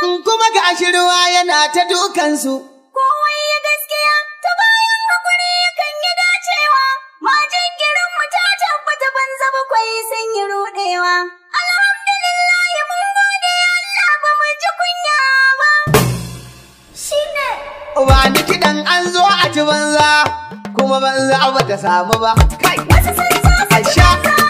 kuma ga ashirwa yana ta dukansu. Kowai ya gaskiya ta bayan hakuri yakan yi dacewa, majin girinmu ta tabbata ban zaba kwai sun yi ruɗewa. Alhamdulillah mun gode Allah ba mu ji kunya ba. Shi ne. ni an zo a ci banza, kuma banza ba ta samu ba. Kai. Wasu sun so su ci banza.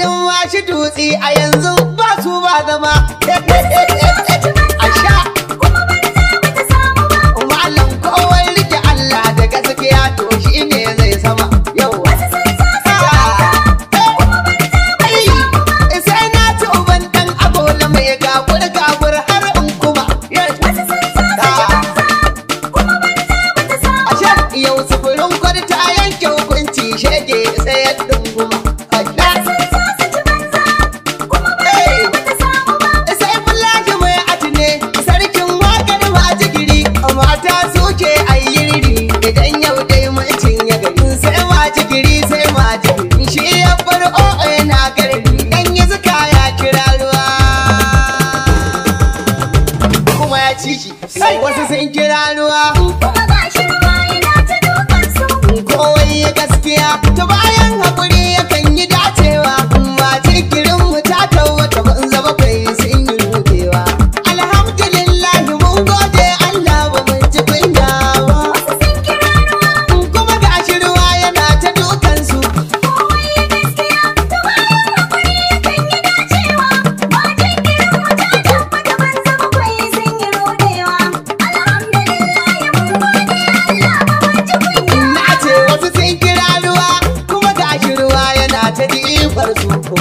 ɗin mashi dutse a yanzu ba su ba zama a sha malam kowai rike Allah da gaskiya to shi ne zai zama yau sai na ci uban ɗan agola mai gagur gagur har in kuma a sha yau sufurin kwarta yanke hukunci shege to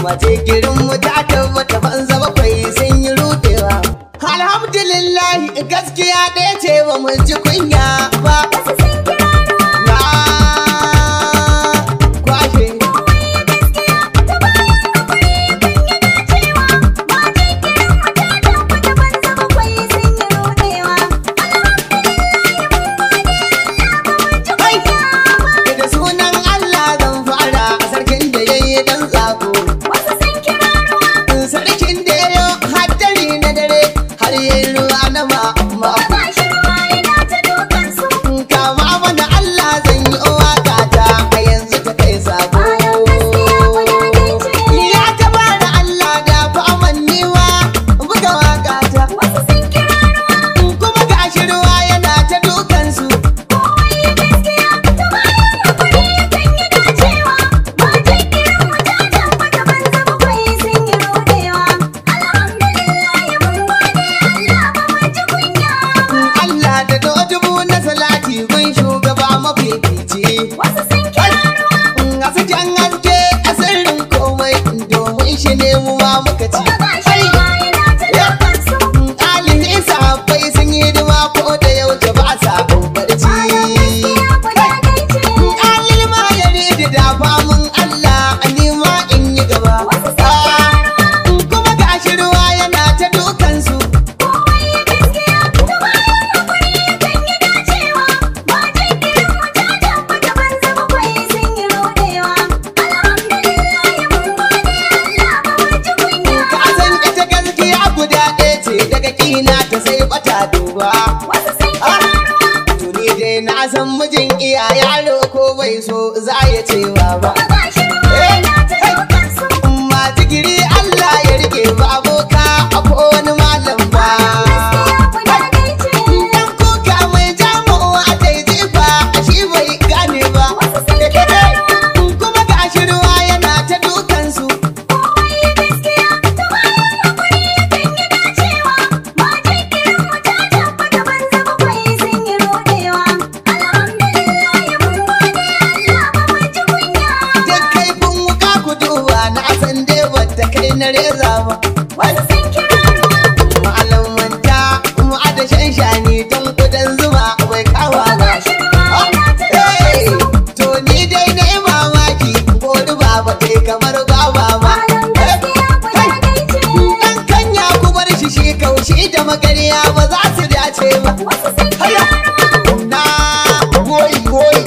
mace girin mu ta tabbata ban zama kwai sun yi rudewa alhamdulillah gaskiya ɗaya ce ba mu ji kunya mafifici. Wasu sun kira ruwa. Asu jan hanke asirin komai domin shi ne mu ma muka ci. so za a iya ba ba reza ba wasu sun kira malam manta mu a da shan shani don kudan zuba bai kawa ba to ni dai na yi mamaki ko duba ba kai kamar baba ba dan kanya ku bar shi kaushi da magariya ba za su dace ba na goyi goyi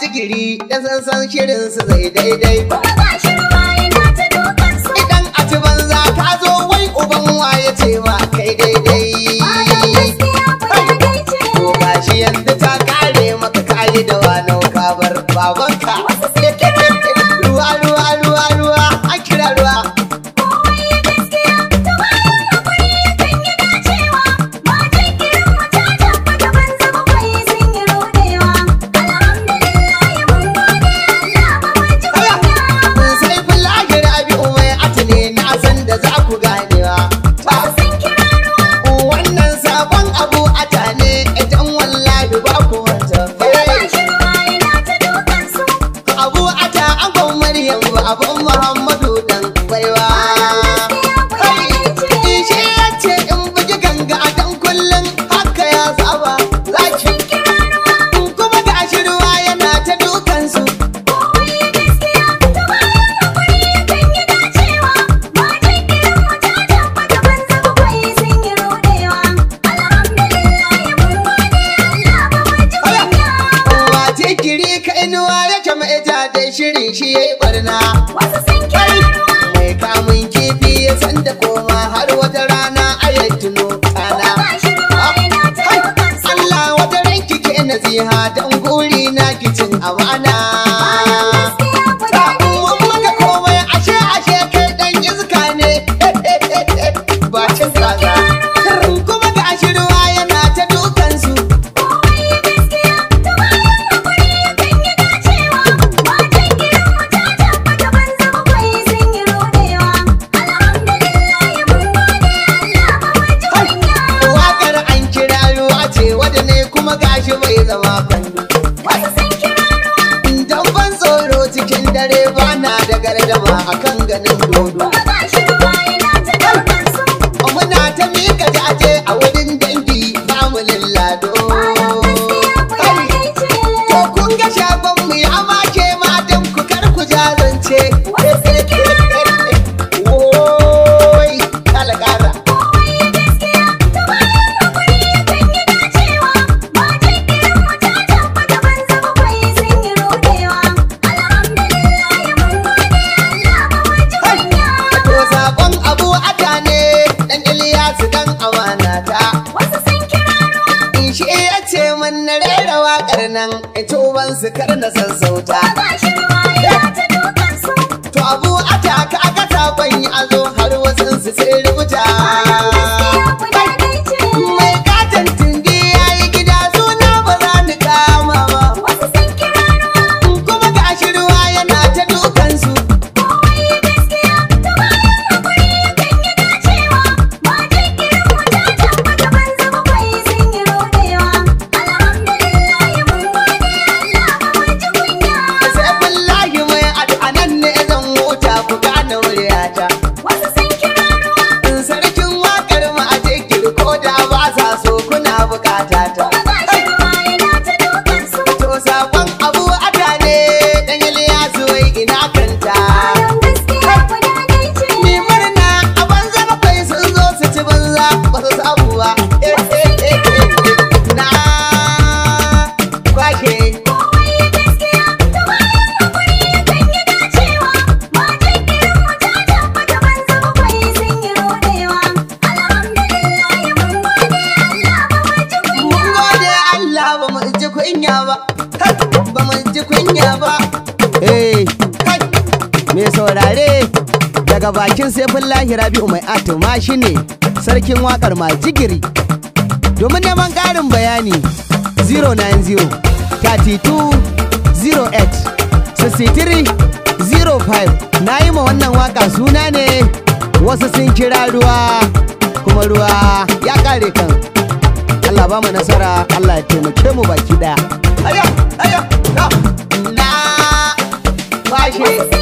tigiri da sansan shirin su zai daidai ba ba shirin waye na ta dokan su idan a ci banza ka zo wai uban waye ce ma kai daidai to shi yanzu ta kare maka kayi da wani babar babanka nasiha don guri na kicin wana zama kwando wasu sun kira ruwa idan tsoro cikin dare ba na da gardama akan man na rera waƙar nan in e ci uban su kar na sassauta. To abu a taka aka taɓa yi a zo har wasu su sai rubuta. Me saurare daga bakin saifin lahira biyu mai atuma shi ne sarkin wakar majigiri domin neman ƙarin bayani 090 32 08 63 05 na yi ma wannan waka suna ne wasu sun kira ruwa kuma ruwa ya kare kan Allah ba mu nasara Allah ya taimake mu baki daya ayo na shi